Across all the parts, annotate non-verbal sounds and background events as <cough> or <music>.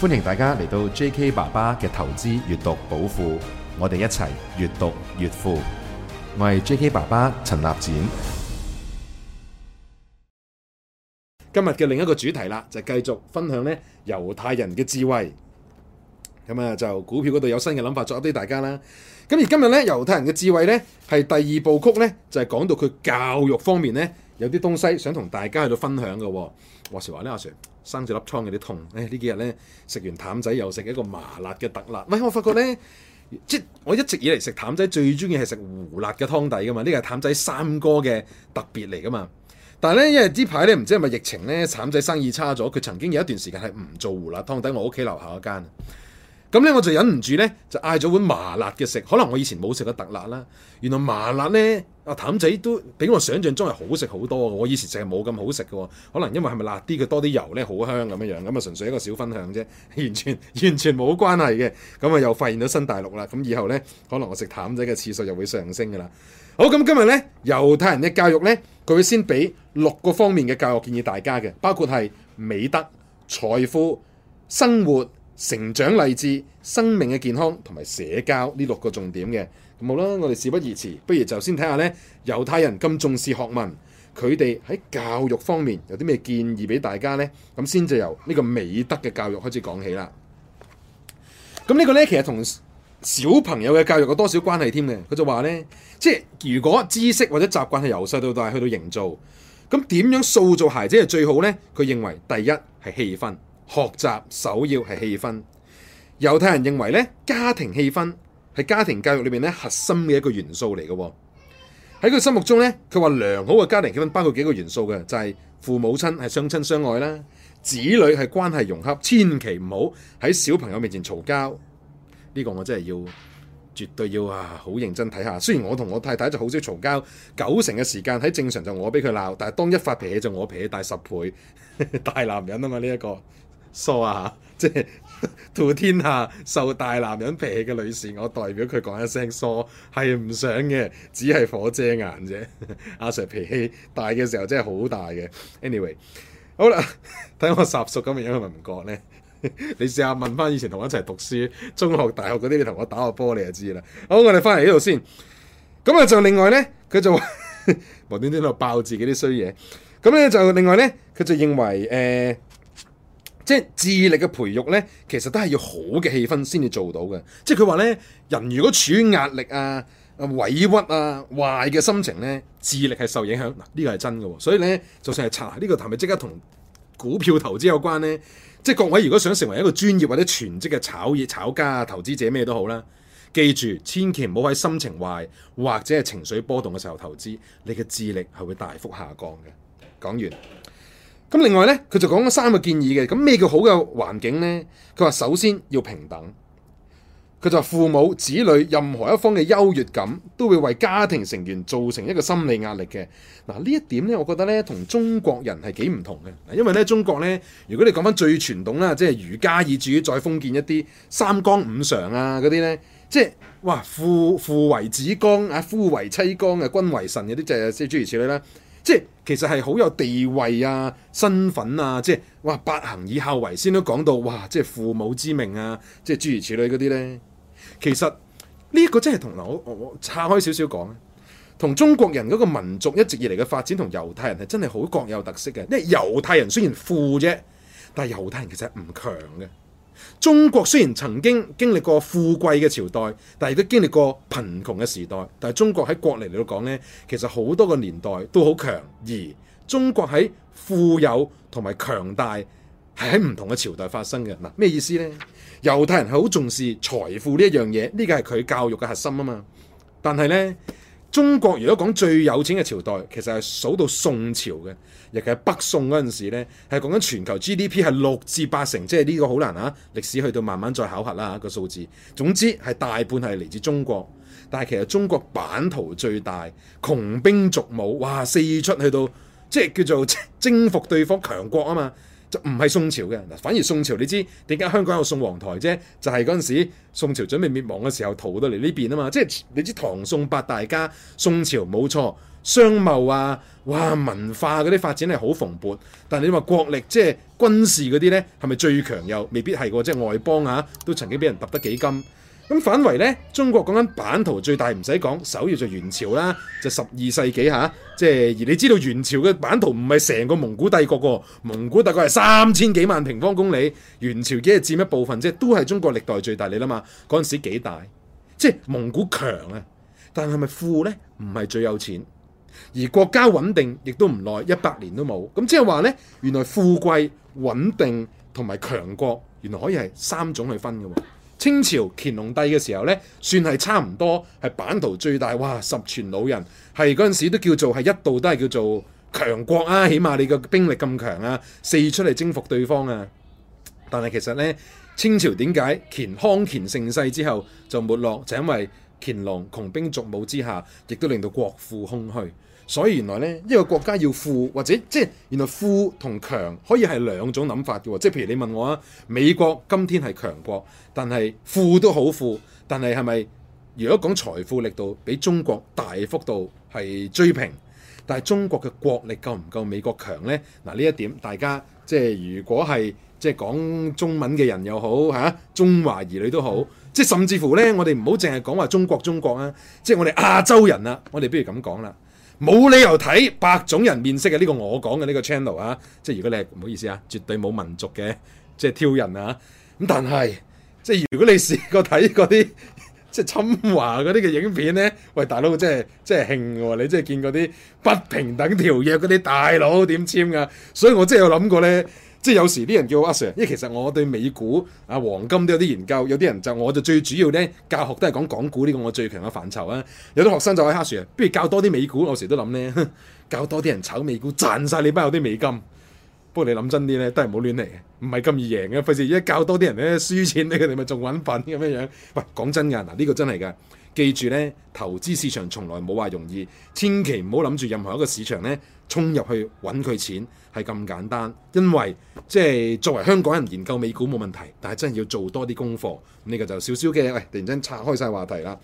歡迎大家嚟到 J.K. 爸爸嘅投資閱讀寶庫，我哋一齊閱讀越富。我係 J.K. 爸爸陳立展。今日嘅另一個主題啦，就是，繼續分享咧猶太人嘅智慧。咁啊，就股票嗰度有新嘅諗法，作俾大家啦。咁而今日咧，猶太人嘅智慧咧，係第二部曲咧，就係、是，講到佢教育方面咧，有啲東西想同大家去到分享嘅、哦。話時話咧，阿 Sir。生住粒瘡有啲痛。誒、哎、呢幾日呢，食完淡仔又食一個麻辣嘅特辣，喂，我發覺呢，即我一直以嚟食淡仔最鍾意係食胡辣嘅湯底㗎嘛，呢個係淡仔三哥嘅特別嚟㗎嘛，但係呢，因為呢排呢唔知係咪疫情呢，淡仔生意差咗，佢曾經有一段時間係唔做胡辣湯底，我屋企樓下嗰間。咁咧我就忍唔住咧，就嗌咗碗麻辣嘅食。可能我以前冇食過特辣啦。原來麻辣咧，阿譚仔都比我想像中係好食好多。我以前淨係冇咁好食㗎喎。可能因為係咪辣啲，佢多啲油咧，好香咁樣樣。咁啊，純粹一個小分享啫，完全完全冇關係嘅。咁啊，又發現咗新大陸啦。咁以後咧，可能我食譚仔嘅次數又會上升嘅啦。好，咁今日咧猶太人嘅教育咧，佢會先俾六個方面嘅教育建議大家嘅，包括係美德、財富、生活。成長勵志、生命嘅健康同埋社交呢六個重點嘅，咁好啦，我哋事不宜遲，不如就先睇下呢：猶太人咁重視學問，佢哋喺教育方面有啲咩建議俾大家呢？咁先就由呢個美德嘅教育開始講起啦。咁呢個呢，其實同小朋友嘅教育有多少關係添嘅？佢就話呢：「即係如果知識或者習慣係由細到大去到營造，咁點樣塑造孩子係最好呢？」佢認為第一係氣氛。學習首要係氣氛。猶太人認為咧，家庭氣氛係家庭教育裏面咧核心嘅一個元素嚟嘅、哦。喺佢心目中咧，佢話良好嘅家庭氣氛包括幾個元素嘅，就係、是、父母親係相親相愛啦，子女係關係融洽，千祈唔好喺小朋友面前嘈交。呢、這個我真係要絕對要啊，好認真睇下。雖然我同我太太就好少嘈交，九成嘅時間喺正常就我俾佢鬧，但係當一發脾氣就我脾氣大十倍。 <laughs> 大男人啊嘛，呢、這、一個。疏啊，即係 t 天下受大男人脾氣嘅女士，我代表佢講一聲疏係唔想嘅，只係火遮眼啫。阿、啊、Sir 脾氣大嘅時候真係好大嘅。Anyway，好啦，睇我殺熟咁樣，係咪唔覺咧？你試下問翻以前同我一齊讀書、中學、大學嗰啲，你同我打過波，你就知啦。好，我哋翻嚟呢度先。咁啊，就另外咧，佢就無端端喺度爆自己啲衰嘢。咁咧就另外咧，佢就認為誒。呃即係智力嘅培育呢，其實都係要好嘅氣氛先至做到嘅。即係佢話呢，人如果處於壓力啊、委屈啊、壞嘅心情呢，智力係受影響。嗱，呢個係真嘅，哦。所以呢，就算係查呢，呢個係咪即刻同股票投資有關呢？即係各位如果想成為一個專業或者全職嘅炒熱炒家啊、投資者咩都好啦，記住千祈唔好喺心情壞或者係情緒波動嘅時候投資，你嘅智力係會大幅下降嘅。講完。咁另外咧，佢就講咗三個建議嘅。咁咩叫好嘅環境呢？佢話首先要平等。佢就話父母子女任何一方嘅優越感，都會為家庭成員造成一個心理壓力嘅。嗱，呢一點咧，我覺得咧，同中國人係幾唔同嘅。因為咧，中國咧，如果你講翻最傳統啦，即係儒家以至於再封建一啲三綱五常啊嗰啲咧，即係哇，父父為子綱啊，夫為妻綱啊，君為臣嗰啲，即係諸如此類啦。即係其實係好有地位啊、身份啊，即係哇，百行以孝為先都講到哇，即係父母之命啊，即係諸如此類嗰啲呢。其實呢一個真係同我我我岔開少少講，同中國人嗰個民族一直以嚟嘅發展同猶太人係真係好各有特色嘅。因為猶太人雖然富啫，但係猶太人其實唔強嘅。中國雖然曾經經歷過富貴嘅朝代，但係都經歷過貧窮嘅時代。但係中國喺國力嚟到講呢，其實好多個年代都好強。而中國喺富有同埋強大係喺唔同嘅朝代發生嘅。嗱，咩意思呢？猶太人係好重視財富呢一樣嘢，呢個係佢教育嘅核心啊嘛。但係呢。中國如果講最有錢嘅朝代，其實係數到宋朝嘅，尤其係北宋嗰陣時呢，係講緊全球 GDP 係六至八成，即係呢個好難啊！歷史去到慢慢再考核啦，個數字。總之係大半係嚟自中國，但係其實中國版圖最大，窮兵黷武，哇！四出去到即係叫做征服對方強國啊嘛。就唔係宋朝嘅，嗱，反而宋朝你知點解香港有宋皇台啫？就係嗰陣時宋朝準備滅亡嘅時候逃到嚟呢邊啊嘛！即係你知唐宋八大家，宋朝冇錯，商貿啊，哇，文化嗰啲發展係好蓬勃，但係你話國力即係軍事嗰啲呢，係咪最強又未必係喎？即係外邦啊，都曾經俾人揼得幾金。咁反為呢，中國講緊版圖最大唔使講，首要就元朝啦，就是、十二世紀嚇、啊，即係而你知道元朝嘅版圖唔係成個蒙古帝國喎，蒙古大概係三千幾萬平方公里，元朝只係佔一部分即啫，都係中國歷代最大你啦嘛。嗰陣時幾大，即係蒙古強啊，但係咪富呢？唔係最有錢，而國家穩定亦都唔耐一百年都冇，咁即係話呢，原來富貴穩定同埋強國原來可以係三種去分嘅。清朝乾隆帝嘅時候呢，算係差唔多係版圖最大，哇！十全老人係嗰陣時都叫做係一度都係叫做強國啊，起碼你個兵力咁強啊，四出嚟征服對方啊。但係其實呢，清朝點解乾康乾盛世之後就沒落，就因為，乾隆窮兵黷武之下，亦都令到國庫空虛。所以原來呢一個國家要富或者即係原來富同強可以係兩種諗法嘅喎。即係譬如你問我啊，美國今天係強國，但係富都好富，但係係咪如果講財富力度比中國大幅度係追平？但係中國嘅國力夠唔夠美國強呢？嗱呢一點大家即係如果係。即係講中文嘅人又好嚇、啊，中華兒女都好，即係甚至乎呢，我哋唔好淨係講話中國中國啊！即係我哋亞洲人啊，我哋不如咁講啦，冇理由睇白種人面色嘅呢、呢個我講嘅呢個 channel 啊！即係如果你係唔好意思啊，絕對冇民族嘅即係挑人啊！咁但係即係如果你試過睇嗰啲即係侵華嗰啲嘅影片呢，喂，大佬真係真係㷫喎！你真係見過嗰啲不平等條約嗰啲大佬點簽噶？所以我真係有諗過呢。即係有時啲人叫阿 Sir，因為其實我對美股、啊黃金都有啲研究。有啲人就我就最主要咧教學都係講港股呢個我最強嘅範疇啊。有啲學生就話阿 Sir，不如教多啲美股。我時都諗咧，教多啲人炒美股賺晒你班有啲美金。不過你諗真啲咧，都係唔好亂嚟嘅，唔係咁易贏嘅、啊，費事而家教多啲人咧輸錢，你佢哋咪仲揾笨咁樣樣。喂，講真㗎，嗱，呢個真係㗎，記住咧，投資市場從來冇話容易，千祈唔好諗住任何一個市場咧。衝入去揾佢錢係咁簡單，因為即係作為香港人研究美股冇問題，但係真係要做多啲功課。呢個就少少嘅，喂，突然間拆開晒話題啦，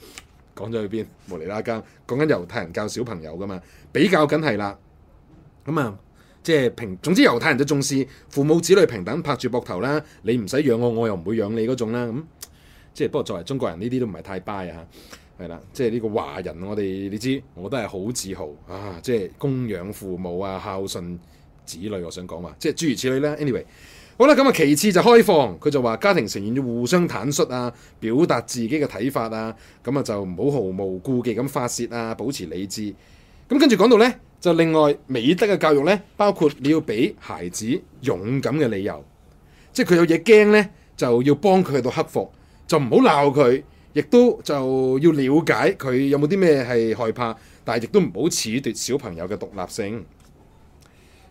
講咗去邊？無厘拉更講緊猶太人教小朋友噶嘛，比較緊係啦。咁啊，即係平總之猶太人都重視父母子女平等，拍住膊頭啦，你唔使養我，我又唔會養你嗰種啦。咁、嗯、即係不過作為中國人呢啲都唔係太 buy 嚇、啊。係啦，即係呢個華人我，我哋你知，我都係好自豪啊！即係供養父母啊，孝順子女，我想講話，即係諸如此類啦、啊。Anyway，好啦，咁啊，其次就開放，佢就話家庭成員要互相坦率啊，表達自己嘅睇法啊，咁啊就唔好毫無顧忌咁發泄啊，保持理智。咁跟住講到呢，就另外美德嘅教育呢，包括你要俾孩子勇敢嘅理由，即係佢有嘢驚呢，就要幫佢去到克服，就唔好鬧佢。亦都就要了解佢有冇啲咩係害怕，但係亦都唔好褫奪小朋友嘅獨立性。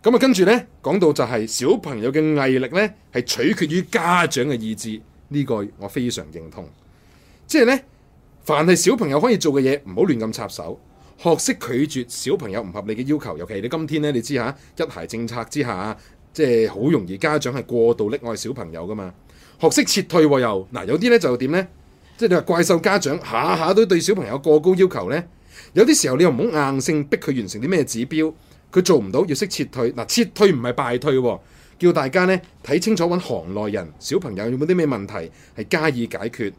咁啊，跟住呢，講到就係小朋友嘅毅力呢，係取決於家長嘅意志。呢個我非常認同。即係呢，凡係小朋友可以做嘅嘢，唔好亂咁插手。學識拒絕小朋友唔合理嘅要求，尤其你今天呢，你知吓，一孩政策之下，即係好容易家長係過度溺愛小朋友噶嘛。學識撤退又嗱，啊，有啲呢就點呢？即係你話怪獸家長下下都對小朋友過高要求呢，有啲時候你又唔好硬性逼佢完成啲咩指標，佢做唔到要識撤退。嗱，撤退唔係敗退喎，叫大家呢睇清楚揾行內人，小朋友有冇啲咩問題係加以解決。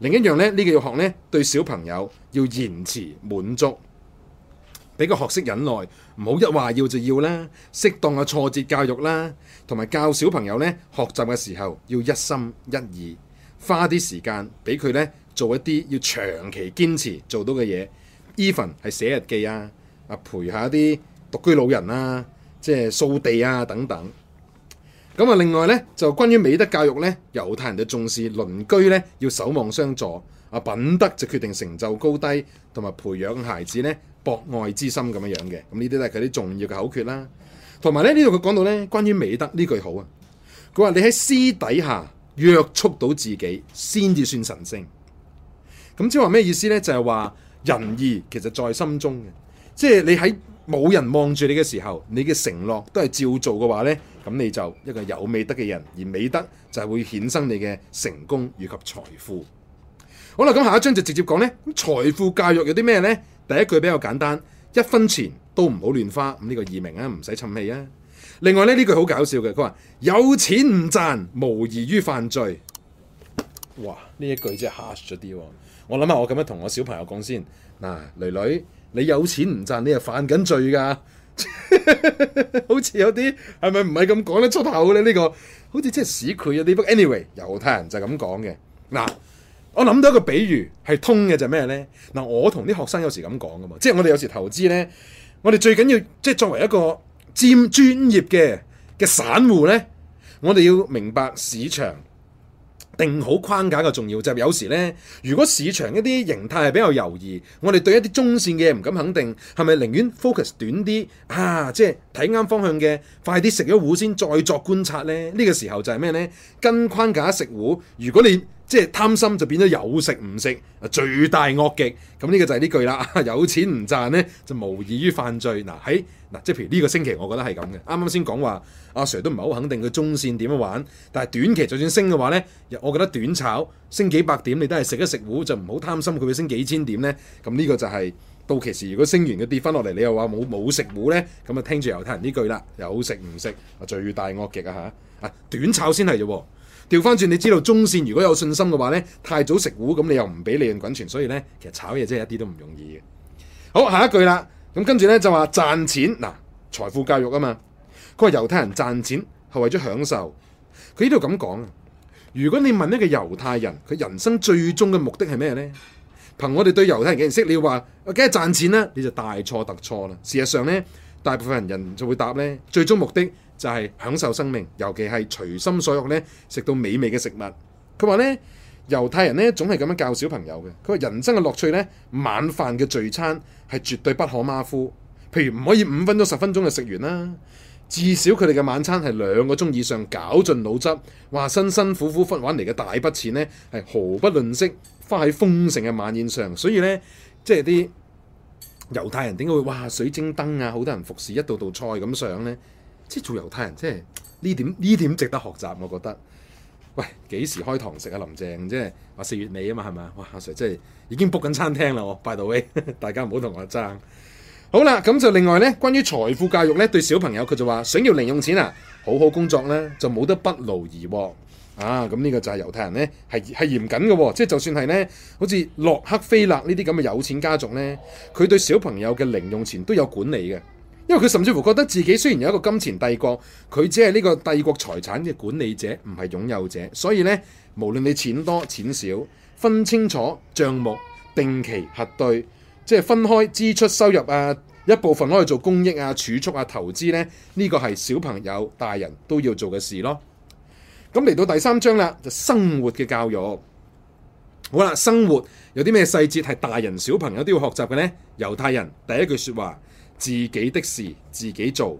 另一樣呢，呢個要學呢，對小朋友要延遲滿足，俾個學識忍耐，唔好一話要就要啦，適當嘅挫折教育啦，同埋教小朋友呢學習嘅時候要一心一意。花啲時間俾佢咧，做一啲要長期堅持做到嘅嘢。even 係寫日記啊，啊陪下啲獨居老人啊，即係掃地啊等等。咁啊，另外咧就關於美德教育咧，猶太人就重視鄰居咧，要守望相助。啊，品德就決定成就高低，同埋培養孩子咧博愛之心咁樣樣嘅。咁呢啲都係佢啲重要嘅口訣啦。同埋咧呢度佢講到咧關於美德呢句好啊，佢話你喺私底下，約束到自己先至算神聖，咁即係話咩意思呢？就係話仁義其實在心中嘅，即係你喺冇人望住你嘅時候，你嘅承諾都係照做嘅話呢，咁你就一個有美德嘅人，而美德就係會衍生你嘅成功以及財富。好啦，咁下一章就直接講呢。咁財富教育有啲咩呢？第一句比較簡單，一分錢都唔好亂花。咁、這、呢個二名啊，唔使沉氣啊。另外咧，呢句好搞笑嘅，佢話有錢唔賺，無異於犯罪。哇！呢一句真係 harsh 咗啲。我諗下，我咁樣同我小朋友講先。嗱，女女，你有錢唔賺，你係犯緊罪噶、 <laughs> 這個。好似有啲係咪唔係咁講得出口咧？呢個好似真係屎佢啊！呢 book anyway，猶太人就咁講嘅。嗱，我諗到一個比喻係通嘅，就咩咧？嗱，我同啲學生有時咁講噶嘛，即係我哋有時投資咧，我哋最緊要即係作為一個。佔專業嘅嘅散戶呢，我哋要明白市場定好框架嘅重要。就係、有時呢，如果市場一啲形態係比較猶豫，我哋對一啲中線嘅嘢唔敢肯定，係咪寧願 focus 短啲啊？即係睇啱方向嘅，快啲食咗糊先，再作觀察呢？呢、呢個時候就係咩呢？跟框架食糊，如果你。即係貪心就變咗有食唔食啊，罪大惡極，咁呢個就係呢句啦。 <laughs> 有錢唔賺呢就無異於犯罪嗱。喺嗱，即係譬如呢個星期，我覺得係咁嘅。啱啱先講話阿、啊、Sir 都唔係好肯定佢中線點樣玩，但係短期就算升嘅話呢，我覺得短炒升幾百點你都係食一食糊就唔好貪心，佢會升幾千點呢。咁呢個就係、是、到期時如果升完佢跌翻落嚟，你又話冇冇食糊呢，咁啊聽住猶太人呢句啦，有食唔食啊，罪大惡極啊嚇！啊，短炒先係啫喎。調翻轉，你知道中線如果有信心嘅話咧，太早食糊咁，你又唔俾利潤滾存，所以咧，其實炒嘢真係一啲都唔容易嘅。好，下一句啦，咁跟住咧就話賺錢嗱，財富教育啊嘛，佢話猶太人賺錢係為咗享受，佢呢度咁講。如果你問一個猶太人，佢人生最終嘅目的係咩呢？憑我哋對猶太人嘅認識，你話我梗係賺錢啦，你就大錯特錯啦。事實上呢，大部分人就會答呢，最終目的。就係享受生命，尤其係隨心所欲咧，食到美味嘅食物。佢話咧，猶太人咧總係咁樣教小朋友嘅。佢話人生嘅樂趣咧，晚飯嘅聚餐係絕對不可馬虎。譬如唔可以五分鐘、十分鐘就食完啦。至少佢哋嘅晚餐係兩個鐘以上，搞盡腦汁，話辛辛苦苦搵返嚟嘅大筆錢咧，係毫不吝惜花喺豐盛嘅晚宴上。所以咧，即係啲猶太人點解會哇水晶燈啊，好多人服侍，一道道菜咁上咧？即做猶太人，即係呢點呢點值得學習，我覺得。喂，幾時開堂食啊？林鄭即係話四月尾啊嘛，係咪啊？哇，阿 Sir 即係已經 book 緊餐廳啦。哦，by the way，大家唔好同我爭。好啦，咁就另外呢，關於財富教育呢，對小朋友佢就話想要零用錢啊，好好工作呢，就冇得不勞而獲啊。咁呢個就係猶太人呢，係係嚴謹嘅喎。即係就算係呢，好似洛克菲勒呢啲咁嘅有錢家族呢，佢對小朋友嘅零用錢都有管理嘅。因為佢甚至乎覺得自己雖然有一個金錢帝國，佢只係呢個帝國財產嘅管理者，唔係擁有者。所以呢，無論你錢多錢少，分清楚賬目，定期核對，即係分開支出、收入啊，一部分可以做公益啊、儲蓄啊、投資呢。呢個係小朋友、大人都要做嘅事咯。咁嚟到第三章啦，就生活嘅教育。好啦，生活有啲咩細節係大人、小朋友都要學習嘅呢？猶太人第一句說話。自己的事自己做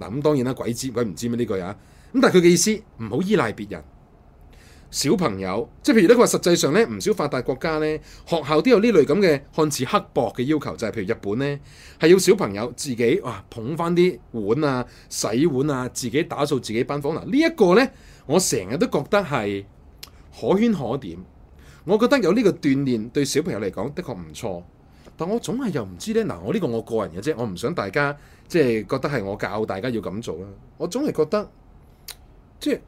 嗱，咁當然啦，鬼知鬼唔知咩呢句啊？咁但係佢嘅意思唔好依賴別人。小朋友即係譬如呢個實際上咧，唔少發達國家咧，學校都有呢類咁嘅看似刻薄嘅要求，就係、是、譬如日本咧係要小朋友自己哇捧翻啲碗啊、洗碗啊、自己打掃、自己班房嗱。這個、呢一個咧，我成日都覺得係可圈可點。我覺得有呢個鍛鍊對小朋友嚟講，的確唔錯。但我總係又唔知咧，嗱，我呢個我個人嘅啫，我唔想大家即係覺得係我教大家要咁做啦。我總係覺得即係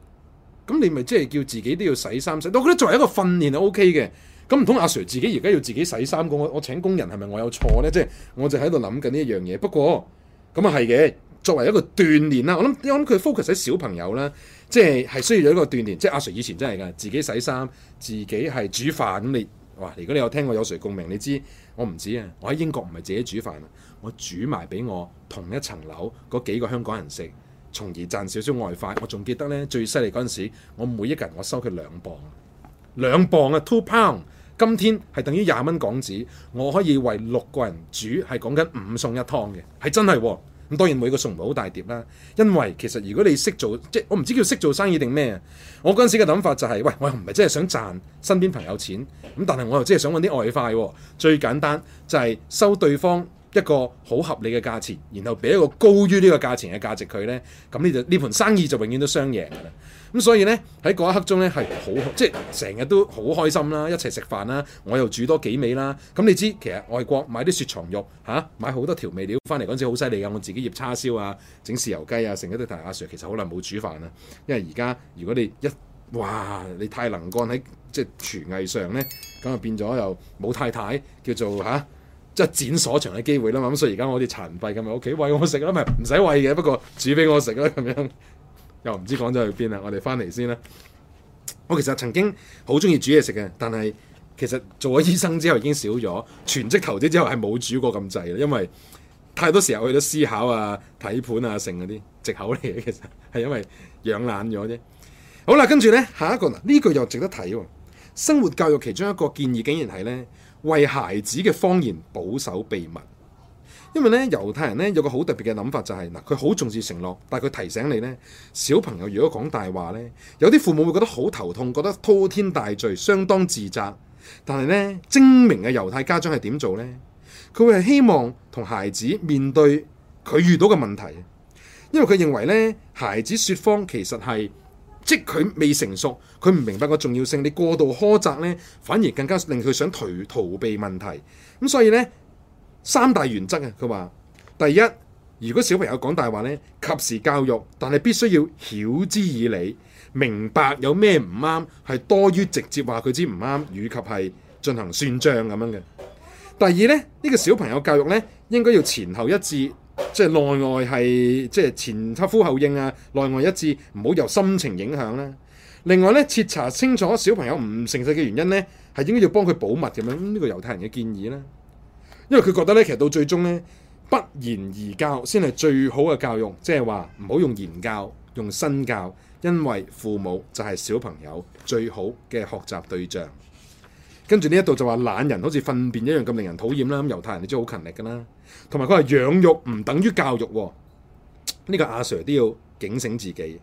咁，你咪即係叫自己都要洗衫洗。我覺得作為一個訓練係 OK 嘅。咁唔通阿 Sir 自己而家要自己洗衫嘅，我我請工人係咪我有錯咧？即係我就喺度諗緊呢一樣嘢。不過咁啊係嘅，作為一個鍛煉啦，我諗我諗佢 focus 喺小朋友啦，即係係需要有一個鍛煉。即係阿 Sir 以前真係噶，自己洗衫，自己係煮飯咁你哇！如果你有聽過有誰共鳴，你知。我唔止啊！我喺英國唔係自己煮飯，我煮埋俾我同一層樓嗰幾個香港人食，從而賺少少外快。我仲記得呢最犀利嗰陣時，我每一人我收佢兩磅，兩磅啊，two pound。今天係等於廿蚊港紙，我可以為六個人煮，係講緊五餸一湯嘅，係真係、啊。咁當然每個送唔係好大碟啦，因為其實如果你識做，即係我唔知叫識做生意定咩啊？我嗰陣時嘅諗法就係、是，喂，我又唔係真係想賺身邊朋友錢，咁但係我又真係想搵啲外快喎。最簡單就係收對方一個好合理嘅價錢，然後俾一個高於呢個價錢嘅價值佢呢，咁呢就呢盤生意就永遠都雙贏嘅啦。咁所以呢，喺嗰一刻中呢係好即係成日都好開心啦，一齊食飯啦，我又煮多幾味啦。咁、嗯、你知其實外國買啲雪藏肉嚇、啊，買好多調味料翻嚟嗰陣時好犀利嘅，我自己醃叉燒啊，整豉油雞啊，成日都提阿 Sir，其實好耐冇煮飯啦，因為而家如果你一哇你太能幹喺即係廚藝上呢，咁就變咗又冇太太，太叫做嚇。啊啊啊即係展所長嘅機會啦嘛，咁所以而家我啲殘廢咁咪屋企餵我食啦，咪唔使餵嘅，不過煮俾我食啦咁樣，又唔知講咗去邊啦。我哋翻嚟先啦。我其實曾經好中意煮嘢食嘅，但係其實做咗醫生之後已經少咗，全職投資之後係冇煮過咁滯啦，因為太多時候去咗思考啊、睇盤啊、剩嗰啲藉口嚟嘅，其實係因為養懶咗啫。好啦，跟住咧下一個嗱，呢個又值得睇喎。生活教育其中一個建議，竟然係咧。為孩子嘅謊言保守秘密，因為咧猶太人咧有個好特別嘅諗法，就是，就係嗱佢好重視承諾，但係佢提醒你咧，小朋友如果講大話咧，有啲父母會覺得好頭痛，覺得滔天大罪，相當自責。但係咧精明嘅猶太家長係點做呢？佢會係希望同孩子面對佢遇到嘅問題，因為佢認為咧孩子説謊其實係。即佢未成熟，佢唔明白個重要性。你過度苛責呢，反而更加令佢想逃，逃避問題。咁所以呢，三大原則啊，佢話：第一，如果小朋友講大話呢，及時教育，但係必須要曉之以理，明白有咩唔啱，係多於直接話佢知唔啱，以及係進行算賬咁樣嘅。第二呢，呢個小朋友教育呢，應該要前後一致。即係內外係即係前呼後應啊，內外一致，唔好由心情影響啦、啊。另外咧，徹查清楚小朋友唔誠實嘅原因咧，係應該要幫佢保密咁樣。呢、這個猶太人嘅建議咧、啊，因為佢覺得咧，其實到最終咧，不言而教先係最好嘅教育，即係話唔好用言教，用身教，因為父母就係小朋友最好嘅學習對象。跟住呢一度就話懶人好似糞便一樣咁令人討厭啦。咁猶太人你知好勤力噶啦。同埋佢話養育唔等於教育啊，呢個阿 sir 都要警醒自己。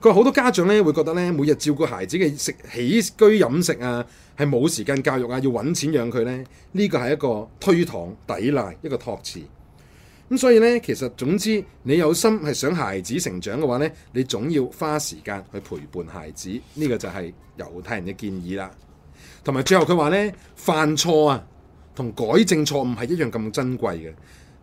佢話好多家長呢，會覺得呢每日照顧孩子嘅食起居飲食啊，係冇時間教育啊，要揾錢養佢呢。呢個係一個推搪抵賴，一個託詞。咁所以呢，其實總之，你有心係想孩子成長嘅話呢，你總要花時間去陪伴孩子，呢個就係猶太人嘅建議啦。同埋最後佢話呢，犯錯啊！同改正錯誤係一樣咁珍貴嘅。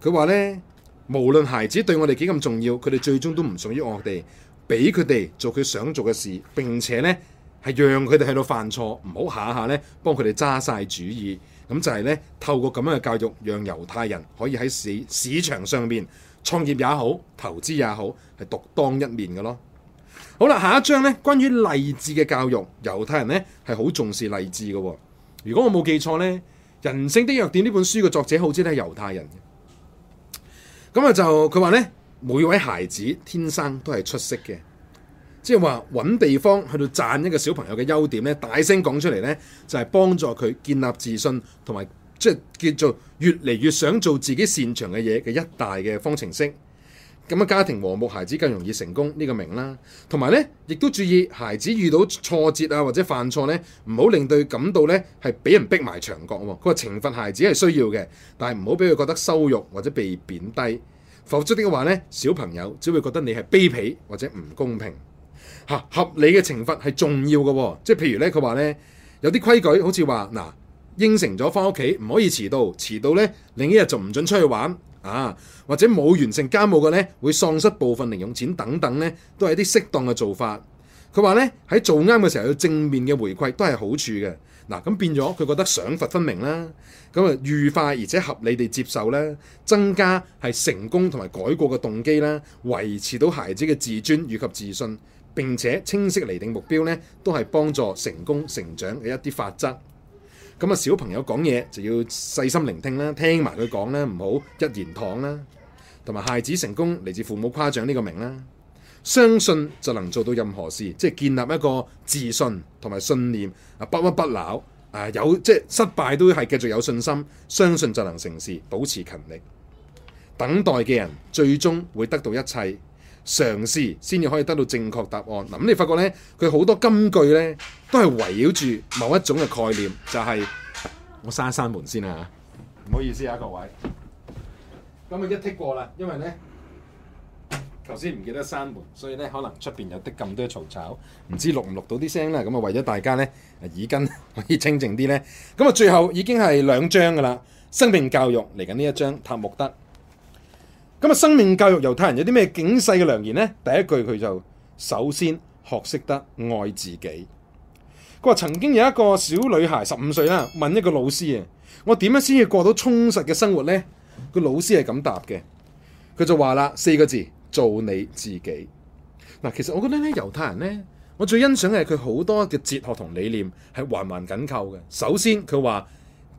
佢話呢，無論孩子對我哋幾咁重要，佢哋最終都唔屬於我哋。俾佢哋做佢想做嘅事，並且呢係讓佢哋喺度犯錯，唔好下下呢幫佢哋揸晒主意。咁就係呢，透過咁樣嘅教育，讓猶太人可以喺市市場上面創業也好，投資也好，係獨當一面嘅咯。好啦，下一章呢，關於勵志嘅教育，猶太人呢係好重視勵志嘅。如果我冇記錯呢。人性的弱點呢本書嘅作者好似都係猶太人，咁啊就佢話呢，每位孩子天生都係出色嘅，即係話搵地方去到讚一個小朋友嘅優點呢，大聲講出嚟，呢就係、是、幫助佢建立自信同埋即係叫做越嚟越想做自己擅長嘅嘢嘅一大嘅方程式。咁嘅家庭和睦，孩子更容易成功呢個明啦。同埋咧，亦都注意孩子遇到挫折啊，或者犯錯咧，唔好令到佢感到咧係俾人逼埋牆角，哦。佢話懲罰孩子係需要嘅，但係唔好俾佢覺得羞辱或者被貶低。否則的話咧，小朋友只會覺得你係卑鄙或者唔公平。吓，啊，合理嘅懲罰係重要嘅，哦，即係譬如咧，佢話咧有啲規矩，好似話嗱應承咗返屋企唔可以遲到，遲到咧另一日就唔準出去玩。啊，或者冇完成家務嘅咧，會喪失部分零用錢等等咧，都係啲適當嘅做法。佢話咧喺做啱嘅時候要正面嘅回饋都係好處嘅。嗱、啊，咁變咗佢覺得賞罰分明啦，咁啊愉快而且合理地接受啦，增加係成功同埋改過嘅動機啦，維持到孩子嘅自尊以及自信，並且清晰釐定目標咧，都係幫助成功成長嘅一啲法則。咁啊，小朋友講嘢就要細心聆聽啦，聽埋佢講咧，唔好一言堂啦。同埋，孩子成功嚟自父母誇獎呢個名啦。相信就能做到任何事，即係建立一個自信同埋信念。啊，不屈不撓，啊有即係失敗都係繼續有信心，相信就能成事，保持勤力。等待嘅人最終會得到一切。嘗試先至可以得到正確答案嗱，咁你發覺咧，佢好多根據咧都係圍繞住某一種嘅概念，就係我閂一閂門先啦。嚇，唔好意思啊各位，咁啊一剔過啦，因為咧頭先唔記得閂門，所以咧可能出邊有啲咁多嘈吵，唔知錄唔錄到啲聲啦，咁啊為咗大家咧耳根可以清靜啲咧，咁啊最後已經係兩張噶啦。生命教育嚟緊呢一張塔木德。咁啊，生命教育猶太人有啲咩警世嘅良言呢？第一句佢就首先學識得愛自己。佢話曾經有一個小女孩十五歲啦，問一個老師啊，我點樣先至過到充實嘅生活呢？個老師係咁答嘅，佢就話啦四個字，做你自己。嗱，其實我覺得咧，猶太人呢，我最欣賞嘅係佢好多嘅哲學同理念係環環緊扣嘅。首先佢話。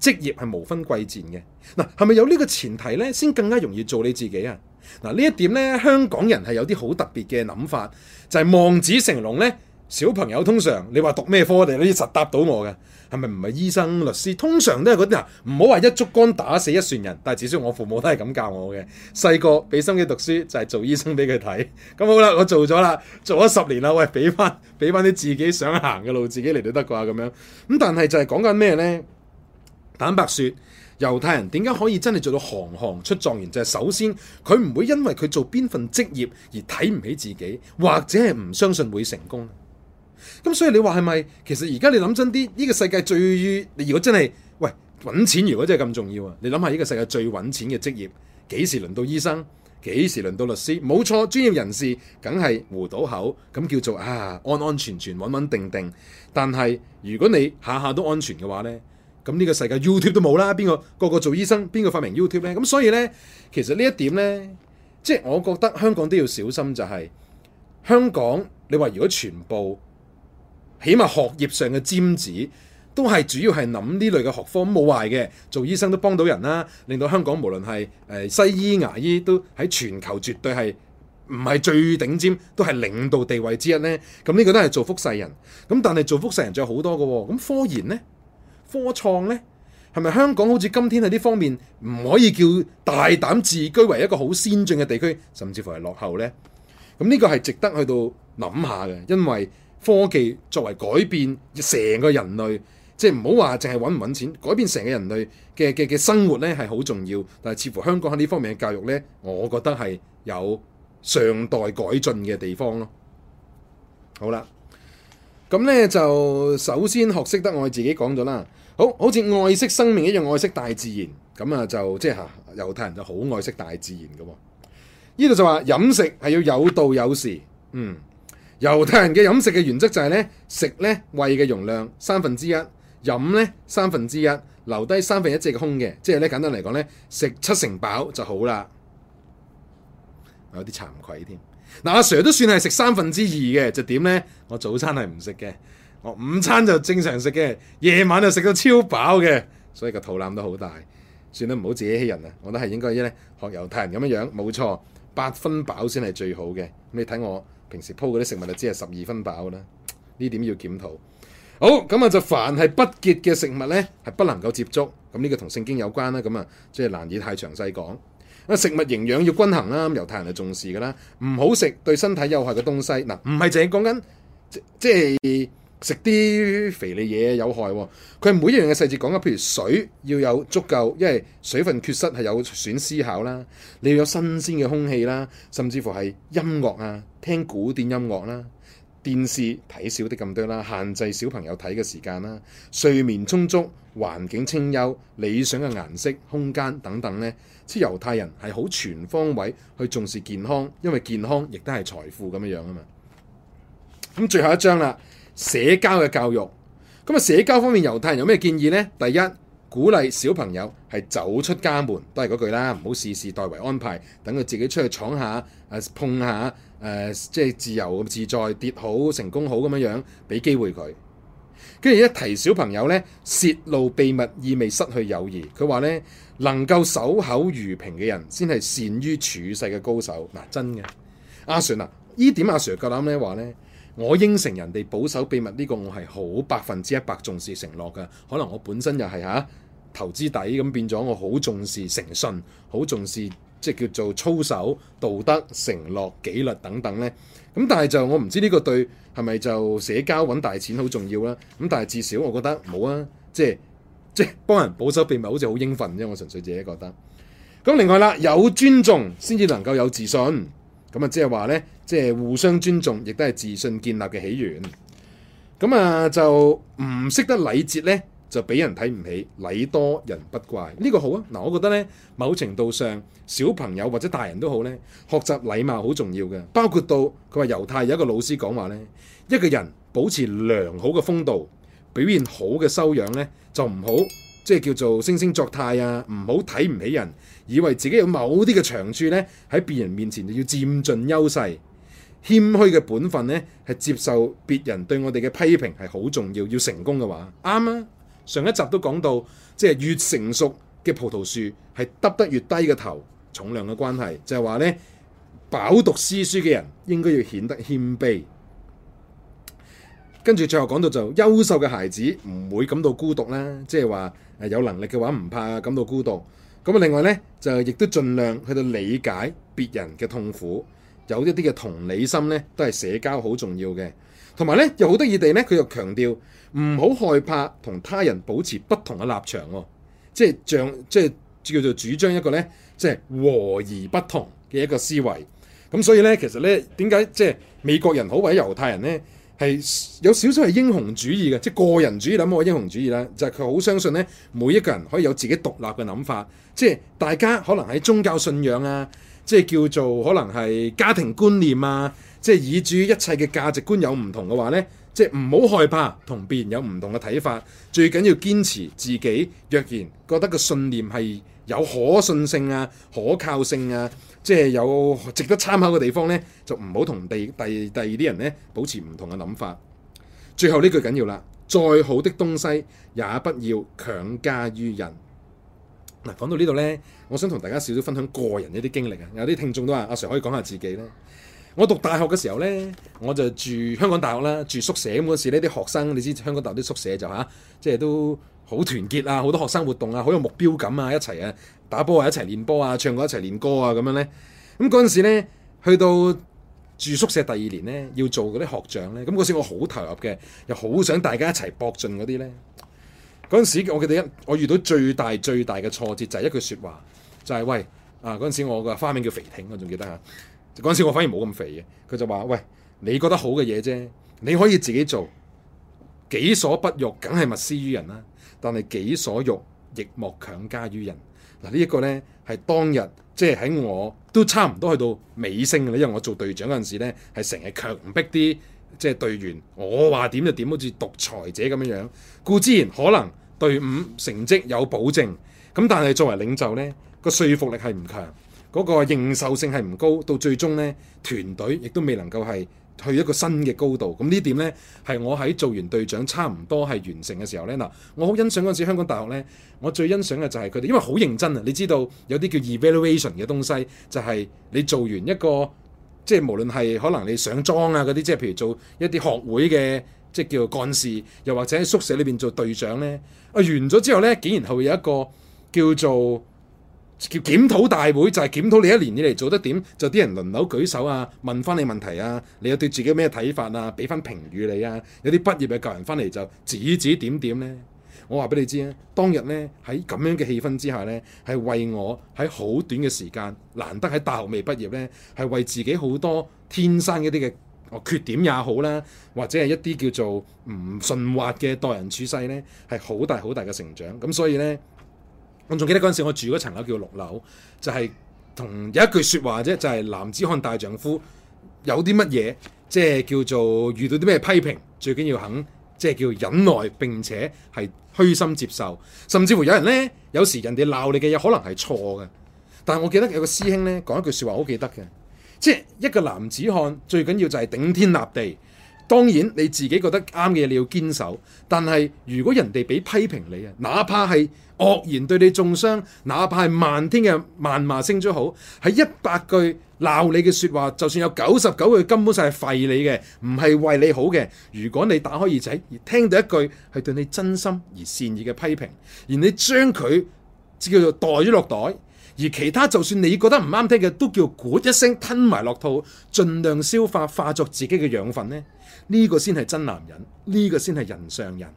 職業係無分貴賤嘅。嗱係咪有呢個前提呢？先更加容易做你自己啊？嗱呢一點呢，香港人係有啲好特別嘅諗法，就係望子成龍呢，小朋友通常你話讀咩科，你你都實答到我嘅，係咪唔係醫生律師？通常都係嗰啲啊，唔好話一竹竿打死一船人。但係至少我父母都係咁教我嘅。細個俾心機讀書，就係做醫生俾佢睇。咁 <laughs> 好啦，我做咗啦，做咗十年啦，我係俾翻俾翻啲自己想行嘅路，自己嚟，都得啩咁樣。咁但係就係講緊咩呢？坦白說，猶太人點解可以真係做到行行出狀元？就係首先佢唔會因為佢做邊份職業而睇唔起自己，或者係唔相信會成功。咁所以你話係咪？其實而家你諗真啲，呢個世界最你如果真係喂，揾錢，如果真係咁重要啊！你諗下呢個世界最揾錢嘅職業幾時輪到醫生？幾時輪到律師？冇錯，專業人士梗係糊到口，咁叫做啊安安全全、穩穩定定。但係如果你下下都安全嘅話呢。咁呢個世界 YouTube 都冇啦，邊個個個做醫生，邊個發明 YouTube 咧？咁所以咧，其實呢一點咧，即係我覺得香港都要小心、就係，就係香港你話如果全部，起碼學業上嘅尖子都係主要係諗呢類嘅學科，冇壞嘅，做醫生都幫到人啦，令到香港無論係誒西醫牙醫都喺全球絕對係唔係最頂尖，都係領導地位之一咧。咁、這、呢個都係造福世人。咁但係造福世人仲有好多嘅喎，咁科研咧？科創呢？係咪香港好似今天喺呢方面唔可以叫大膽自居為一個好先進嘅地區，甚至乎係落後呢？咁，嗯，呢個係值得去到諗下嘅，因為科技作為改變成個人類，即係唔好話淨係揾唔揾錢，改變成個人類嘅嘅生活呢係好重要。但係似乎香港喺呢方面嘅教育呢，我覺得係有尚待改進嘅地方咯。好啦。咁咧、嗯、就首先學識得愛自己講咗啦，好好似愛惜生命一樣愛惜大自然，咁啊就即係嚇猶太人就好愛惜大自然嘅，呢度就話飲食係要有道有時。嗯，猶太人嘅飲食嘅原則就係、是、咧食咧胃嘅容量三分之一，飲咧三分之一，留低三分一隻空嘅，即係咧簡單嚟講咧食七成飽就好啦，有啲慚愧添。嗱，阿 Sir 都算係食三分之二嘅，就點呢？我早餐係唔食嘅，我午餐就正常食嘅，夜晚就食到超飽嘅，所以個肚腩都好大。算啦，唔好自己欺人啊！我都係應該咧學猶太人咁樣樣，冇錯，八分飽先係最好嘅。你睇我平時鋪嗰啲食物就只係十二分飽啦，呢點要檢討。好，咁啊就凡係不潔嘅食物呢，係不能夠接觸。咁呢個同聖經有關啦，咁啊即係難以太詳細講。食物營養要均衡啦，猶太人係重視㗎啦。唔好食對身體有害嘅東西，嗱，唔係淨係講緊即係食啲肥膩嘢有害喎。佢係每一樣嘅細節講緊，譬如水要有足夠，因為水分缺失係有損思考啦。你要有新鮮嘅空氣啦，甚至乎係音樂啊，聽古典音樂啦。電視睇少啲咁多啦，限制小朋友睇嘅時間啦，睡眠充足，環境清幽，理想嘅顏色、空間等等呢，即係猶太人係好全方位去重視健康，因為健康亦都係財富咁樣樣啊嘛。咁最後一章啦，社交嘅教育，咁啊社交方面，猶太人有咩建議呢？第一，鼓勵小朋友係走出家門，都係嗰句啦，唔好事事代為安排，等佢自己出去闖下，碰下。誒、呃，即係自由自在，跌好成功好咁樣樣，俾機會佢。跟住一提小朋友呢，泄露秘密，意味失去友誼。佢話呢，能夠守口如瓶嘅人，先係善於處世嘅高手。嗱、啊，真嘅、啊，阿 Sir 呢呢點阿 Sir 夠膽呢話呢？我應承人哋保守秘密呢、這個，我係好百分之一百重視承諾噶。可能我本身又係嚇投資底咁變咗，我好重視誠信，好重視。即係叫做操守、道德、承諾、紀律等等咧。咁但係就我唔知呢個對係咪就社交揾大錢好重要啦、啊。咁但係至少我覺得冇啊。即係即係幫人保守秘密好似好應份啫。我純粹自己覺得。咁另外啦，有尊重先至能夠有自信。咁、就、啊、是，即係話咧，即係互相尊重，亦都係自信建立嘅起源。咁啊，就唔識得禮節咧。就俾人睇唔起，禮多人不怪呢個好啊！嗱，我覺得呢某程度上小朋友或者大人都好呢，學習禮貌好重要嘅。包括到佢話猶太有一個老師講話呢，一個人保持良好嘅風度，表現好嘅修養呢，就唔好即係叫做惺惺作態啊！唔好睇唔起人，以為自己有某啲嘅長處呢，喺別人面前就要佔盡優勢。謙虛嘅本分呢，係接受別人對我哋嘅批評係好重要。要成功嘅話，啱啊！上一集都講到，即係越成熟嘅葡萄樹係耷得越低嘅頭，重量嘅關係就係話呢，飽讀詩書嘅人應該要顯得謙卑。跟住最後講到就優秀嘅孩子唔會感到孤獨啦，即係話誒有能力嘅話唔怕感到孤獨。咁啊另外呢，就亦都盡量去到理解別人嘅痛苦，有一啲嘅同理心呢，都係社交好重要嘅。同埋呢，又好得意地呢，佢又強調。唔好害怕同他人保持不同嘅立場喎，啊，即係像即係叫做主張一個呢，即係和而不同嘅一個思維。咁所以呢，其實呢，點解即係美國人好或者猶太人呢，係有少少係英雄主義嘅，即係個人主義，諗吓英雄主義呢，就係佢好相信呢，每一個人可以有自己獨立嘅諗法，即係大家可能喺宗教信仰啊，即係叫做可能係家庭觀念啊，即係以至於一切嘅價值觀有唔同嘅話呢。即係唔好害怕同別人有唔同嘅睇法，最緊要堅持自己。若然覺得個信念係有可信性啊、可靠性啊，即係有值得參考嘅地方咧，就唔好同第第第二啲人咧保持唔同嘅諗法。最後呢句緊要啦，再好的東西也不要強加於人。嗱，講到呢度咧，我想同大家少少分享個人一啲經歷啊。有啲聽眾都話：阿 Sir 可以講下自己咧。我讀大學嘅時候呢，我就住香港大學啦，住宿舍。咁嗰時呢，啲學生，你知香港大學啲宿舍就吓、啊，即係都好團結啊，好多學生活動啊，好有目標感啊，一齊啊打波啊，一齊練波啊，唱歌一齊練歌啊，咁樣呢。咁嗰陣時呢，去到住宿舍第二年呢，要做嗰啲學長呢。咁嗰時我好投入嘅，又好想大家一齊搏盡嗰啲呢。嗰陣時我記得一，我遇到最大最大嘅挫折就係、是、一句説話，就係、是、喂啊，嗰陣時我個花名叫肥艇，我仲記得啊。嗰陣時我反而冇咁肥嘅，佢就話，喂，你覺得好嘅嘢啫，你可以自己做。己所不欲，梗係勿施於人啦。但係己所欲，亦莫強加於人。嗱，呢一個呢，係當日即係喺我都差唔多去到尾聲啦，因為我做隊長嗰陣時呢係成日強逼啲即係隊員，我話點就點，好似獨裁者咁樣樣。故之然，可能隊伍成績有保證，咁但係作為領袖呢，個說服力係唔強。嗰個認受性係唔高，到最終呢團隊亦都未能夠係去一個新嘅高度。咁、嗯、呢點呢，係我喺做完隊長差唔多係完成嘅時候呢。嗱，我好欣賞嗰陣時香港大學呢，我最欣賞嘅就係佢哋，因為好認真啊。你知道有啲叫 evaluation 嘅東西，就係、是、你做完一個，即係無論係可能你上裝啊嗰啲，即係譬如做一啲學會嘅，即係叫做幹事，又或者喺宿舍裏邊做隊長呢。啊，完咗之後呢，竟然係會有一個叫做。叫檢討大會就係、是、檢討你一年以嚟做得點，就啲人輪流舉手啊，問翻你問題啊，你有對自己咩睇法啊，俾翻評語你啊，有啲畢業嘅教人翻嚟就指指點點咧。我話俾你知啊，當日咧喺咁樣嘅氣氛之下咧，係為我喺好短嘅時間，難得喺大學未畢業咧，係為自己好多天生一啲嘅哦缺點也好啦，或者係一啲叫做唔順滑嘅待人處世咧，係好大好大嘅成長。咁所以咧。我仲記得嗰陣時，我住嗰層樓叫六樓，就係同有一句説話啫，就係男子漢大丈夫有啲乜嘢，即係叫做遇到啲咩批評，最緊要肯即係叫忍耐，並且係虛心接受。甚至乎有人呢，有時人哋鬧你嘅嘢，可能係錯嘅。但係我記得有個師兄呢講一句説話，好記得嘅，即係一個男子漢最緊要就係頂天立地。當然你自己覺得啱嘅嘢你要堅守，但係如果人哋俾批評你啊，哪怕係惡言對你中傷，哪怕係漫天嘅謾罵聲都好，喺一百句鬧你嘅説話，就算有九十九句根本就係廢你嘅，唔係為你好嘅。如果你打開耳仔而聽到一句係對你真心而善意嘅批評，而你將佢即叫做袋咗落袋，而其他就算你覺得唔啱聽嘅都叫咕一聲吞埋落肚，盡量消化化作自己嘅養分呢。呢個先係真男人，呢、這個先係人上人。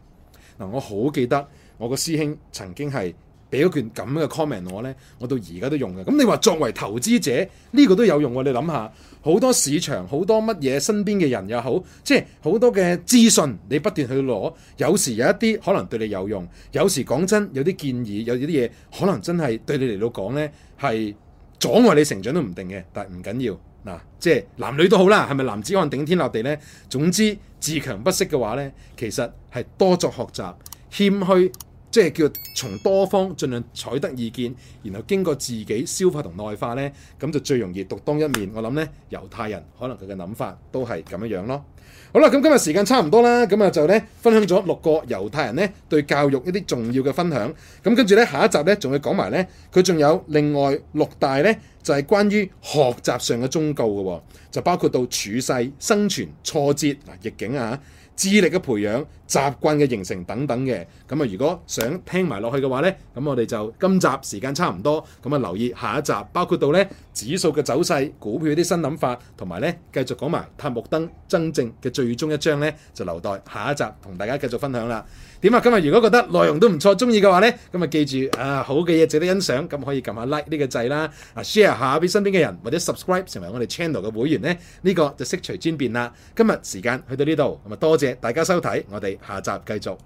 嗱、呃，我好記得我個師兄曾經係俾咗段咁嘅 comment 我呢。我到而家都用嘅。咁你話作為投資者，呢、這個都有用喎、啊。你諗下，好多市場、好多乜嘢、身邊嘅人又好，即係好多嘅資訊，你不斷去攞。有時有一啲可能對你有用，有時講真有啲建議，有啲嘢可能真係對你嚟到講呢，係阻礙你成長都唔定嘅，但係唔緊要。嗱，即係男女都好啦，係咪男子漢頂天立地咧？總之自強不息嘅話咧，其實係多作學習，謙虛。即係叫從多方盡量採得意見，然後經過自己消化同內化呢，咁就最容易獨當一面。我諗呢，猶太人可能佢嘅諗法都係咁樣樣咯。好啦，咁今日時間差唔多啦，咁啊就呢分享咗六個猶太人呢對教育一啲重要嘅分享。咁跟住呢，下一集呢仲會講埋呢，佢仲有另外六大呢，就係關於學習上嘅忠告嘅哦，就包括到處世、生存、挫折、逆境啊。智力嘅培養、習慣嘅形成等等嘅，咁啊，如果想聽埋落去嘅話呢，咁我哋就今集時間差唔多，咁啊留意下一集，包括到呢指數嘅走勢、股票啲新諗法，同埋呢繼續講埋塔木德真正嘅最終一章呢，就留待下一集同大家繼續分享啦。點啊！今日如果覺得內容都唔錯，中意嘅話呢，咁啊記住啊，好嘅嘢值得欣賞，咁可以撳下 like 呢個掣啦，啊 share 下俾身邊嘅人，或者 subscribe 成為我哋 channel 嘅會員呢，呢、這個就悉隨尊便啦。今日時間去到呢度，咁啊多謝大家收睇，我哋下集繼續。